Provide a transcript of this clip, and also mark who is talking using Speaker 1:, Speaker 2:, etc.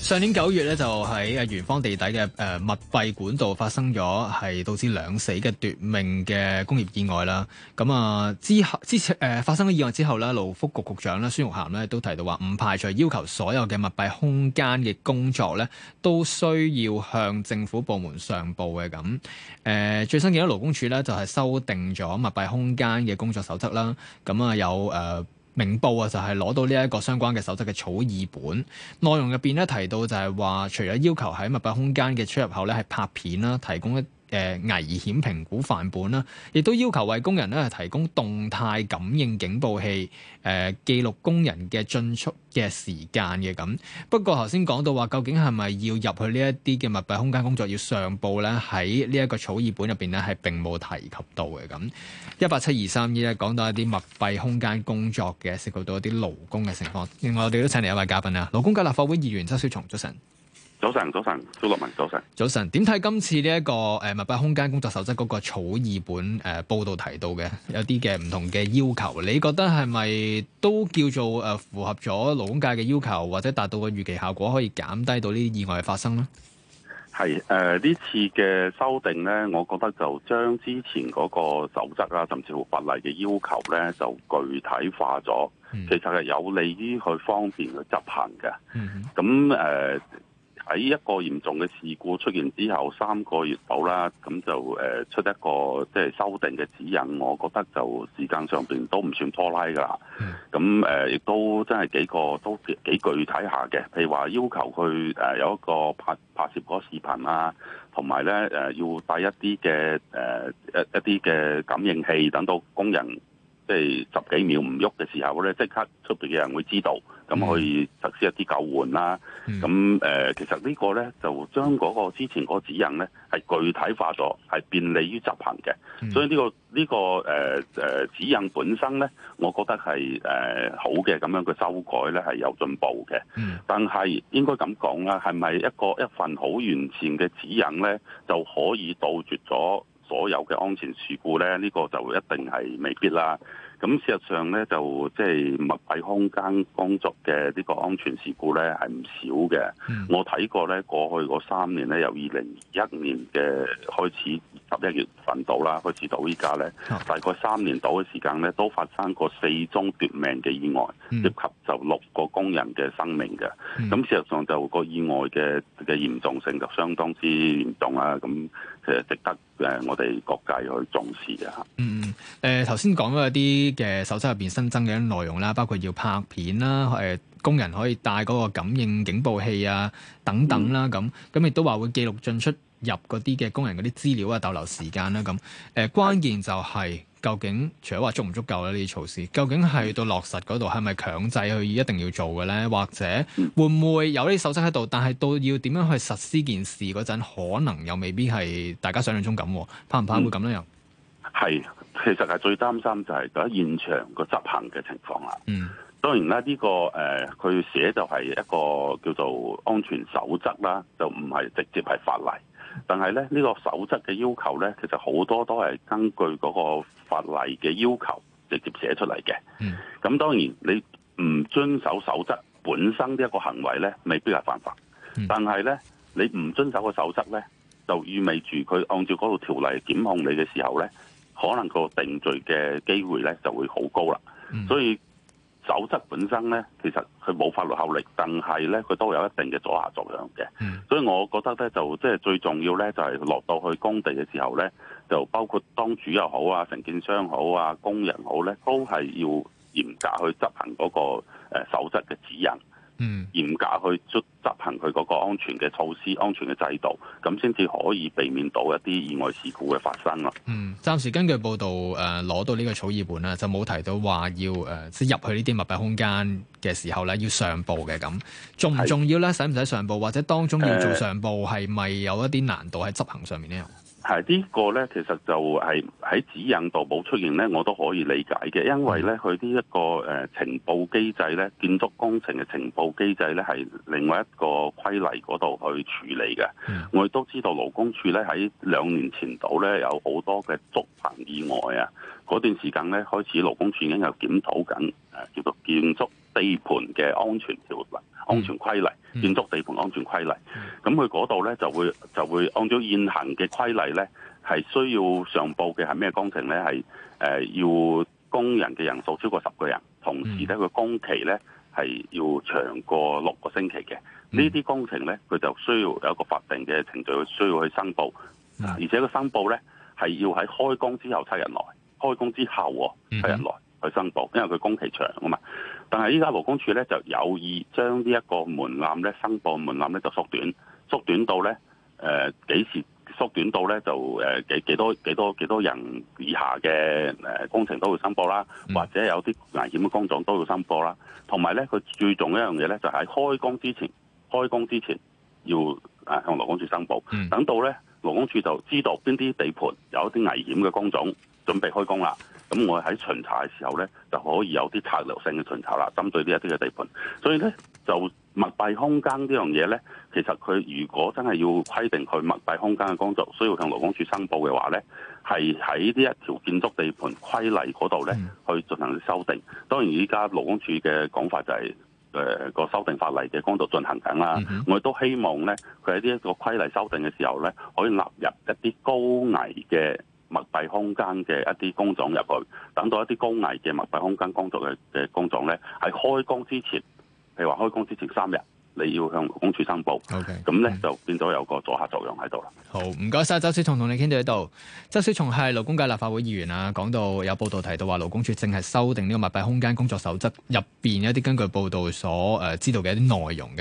Speaker 1: 上年九月咧，就喺啊圓方地底嘅誒密閉管道發生咗係導致兩死嘅奪命嘅工業意外啦。咁啊之後之前誒發生咗意外之後咧，勞福局局長咧孫玉菡咧都提到話，唔排除要求所有嘅密閉空間嘅工作咧，都需要向政府部門上報嘅咁。誒、呃、最新見到勞工處咧就係、是、修訂咗密閉空間嘅工作守則啦。咁啊有誒。呃明報啊，就係、是、攞到呢一個相關嘅守則嘅草擬本，內容入邊咧提到就係話，除咗要求喺密閉空間嘅出入口咧係拍片啦，提供一，誒危險評估範本啦，亦都要求為工人咧提供動態感應警報器，誒、呃、記錄工人嘅進出嘅時間嘅咁。不過頭先講到話，究竟係咪要入去呢一啲嘅密閉空間工作要上報呢喺呢一個草擬本入邊呢係並冇提及到嘅咁。一八七二三二咧講到一啲密閉空間工作嘅涉及到一啲勞工嘅情況，另外我哋都請嚟一位嘉賓啊，勞工界立法會議員周小松早晨。
Speaker 2: 早晨，早晨，周立文，早晨，
Speaker 1: 早晨。點睇今次呢、這、一個誒、呃，密閉空間工作守則嗰個草擬本誒、呃、報道提到嘅有啲嘅唔同嘅要求，你覺得係咪都叫做誒符合咗勞工界嘅要求，或者達到個預期效果，可以減低到呢啲意外嘅發生呢？
Speaker 2: 係誒、呢、呃、次嘅修訂呢，我覺得就將之前嗰個守則啊，甚至乎法例嘅要求呢，就具體化咗。其實係有利於去方便去執行嘅。咁誒、嗯。喺一個嚴重嘅事故出現之後三個月度啦，咁就誒出一個即係修訂嘅指引，我覺得就時間上邊都唔算拖拉㗎喇。咁誒亦都真係幾個都幾，幾具體下嘅，譬如話要求佢誒有一個拍拍攝嗰個視頻啊，同埋呢誒要帶一啲嘅誒一一啲嘅感應器，等到工人。即係十幾秒唔喐嘅時候咧，即刻出邊嘅人會知道，咁可以實施一啲救援啦。咁誒、嗯呃，其實個呢個咧就將嗰個之前嗰指引咧係具體化咗，係便利於執行嘅。所以呢、這個呢、這個誒誒、呃呃、指引本身咧，我覺得係誒、呃、好嘅，咁樣嘅修改咧係有進步嘅。嗯、但係應該咁講啦，係咪一個一份好完善嘅指引咧，就可以杜絕咗所有嘅安全事故咧，呢、這個就一定係未必啦。咁、嗯、事實上咧，就即係密閉空間工作嘅呢個安全事故咧，係唔少嘅。嗯、我睇過咧，過去嗰三年咧，由二零二一年嘅開始十一月份到啦，開始到依家咧，啊、大概三年到嘅時間咧，都發生過四宗奪命嘅意外，嗯、涉及就六個工人嘅生命嘅。咁、嗯嗯、事實上就個意外嘅嘅嚴重性就相當之嚴重啦。咁其實值得誒我哋各界去重視嘅嚇。嗯
Speaker 1: 嗯，誒頭先講咗一啲。啲嘅守則入邊新增嘅內容啦，包括要拍片啦，誒、呃，工人可以帶嗰個感應警報器啊，等等啦，咁，咁亦都話會記錄進出入嗰啲嘅工人嗰啲資料啊，逗留時間啦，咁，誒、呃，關鍵就係、是、究竟，除咗話足唔足夠咧呢啲措施，究竟係到落實嗰度係咪強制去一定要做嘅咧？或者會唔會有呢啲守則喺度，但係到要點樣去實施件事嗰陣，可能又未必係大家想象中咁，怕唔怕會咁樣樣。
Speaker 2: 係。其實係最擔心就係喺現，現場個執行嘅情況啦。嗯，mm. 當然啦，呢、這個誒，佢、呃、寫就係一個叫做安全守則啦，就唔係直接係法例。但係咧，呢、這個守則嘅要求咧，其實好多都係根據嗰個法例嘅要求直接寫出嚟嘅。Mm. 嗯，咁當然你唔遵守守則本身呢一個行為咧，未必係犯法。Mm. 但係咧，你唔遵守個守則咧，就意味住佢按照嗰度條例檢控你嘅時候咧。可能個定罪嘅機會咧就會好高啦，嗯、所以守則本身咧，其實佢冇法律效力，但係咧佢都有一定嘅阻嚇作用嘅。嗯、所以我覺得咧就即係、就是、最重要咧就係、是、落到去工地嘅時候咧，就包括當主又好啊、承建商好啊、工人好咧，都係要嚴格去執行嗰個誒守則嘅指引。嗯，嚴格去執執行佢嗰個安全嘅措施、安全嘅制度，咁先至可以避免到一啲意外事故嘅發生咯。嗯，
Speaker 1: 暫時根據報道誒攞、呃、到呢個草擬本啦，就冇提到話要誒、呃，即係入去呢啲密閉空間嘅時候咧，要上報嘅。咁，重唔重要咧？使唔使上報？或者當中要做上報，係咪、呃、有一啲難度喺執行上面呢？
Speaker 2: 係呢個呢，其實就係喺指引度冇出現呢。我都可以理解嘅，因為呢，佢呢一個誒、呃、呈報機制呢，建築工程嘅呈報機制呢係另外一個規例嗰度去處理嘅。我亦都知道勞工處呢，喺兩年前度呢，有好多嘅竹棚意外啊，嗰段時間呢，開始勞工處已經有檢討緊誒叫做建築。地盤嘅安全條例、安全規例、嗯、建築地盤安全規例，咁佢嗰度呢就會就會按照現行嘅規例呢，係需要上報嘅係咩工程呢？係誒、呃，要工人嘅人數超過十個人，同時咧佢工期呢係要長過六個星期嘅。呢啲，嗯、工程呢，佢就需要有一個法定嘅程序，需要去申報，嗯、而且個申報呢係要喺開工之後七日內，開工之後喎七日內。嗯嗯去申報，因為佢工期長啊嘛。但係依家勞工處咧就有意將呢一個門檻咧，申報門檻咧就縮短，縮短到咧誒、呃、幾時縮短到咧就誒幾、呃、幾多幾多幾多人以下嘅誒、呃、工程都會申報啦，或者有啲危險嘅工種都會申報啦。同埋咧，佢最重要一樣嘢咧，就喺開工之前，開工之前要啊向勞工處申報，嗯、等到咧勞工處就知道邊啲地盤有一啲危險嘅工種。準備開工啦，咁我喺巡查嘅時候呢，就可以有啲策略性嘅巡查啦，針對呢一啲嘅地盤。所以呢就密閉空間呢樣嘢呢，其實佢如果真係要規定佢密閉空間嘅工作需要向勞工處申報嘅話呢，係喺呢一條建築地盤規例嗰度呢去進行修訂。當然依家勞工處嘅講法就係、是、誒、呃、個修訂法例嘅工作進行緊啦。嗯、哼我亦都希望呢，佢喺呢一個規例修訂嘅時候呢，可以納入一啲高危嘅。密閉空間嘅一啲工種入去，等到一啲高危嘅密閉空間工作嘅嘅工種咧，喺開工之前，譬如話開工之前三日，你要向勞工處申報。O K. 咁咧就變咗有個阻吓作用喺度啦。Okay.
Speaker 1: 好，唔該晒周小松，同你傾到呢度。周小松係勞工界立法會議員啊，講到有報道提到話勞工處正係修訂呢個密閉空間工作守則入邊一啲根據報道所誒知道嘅一啲內容嘅。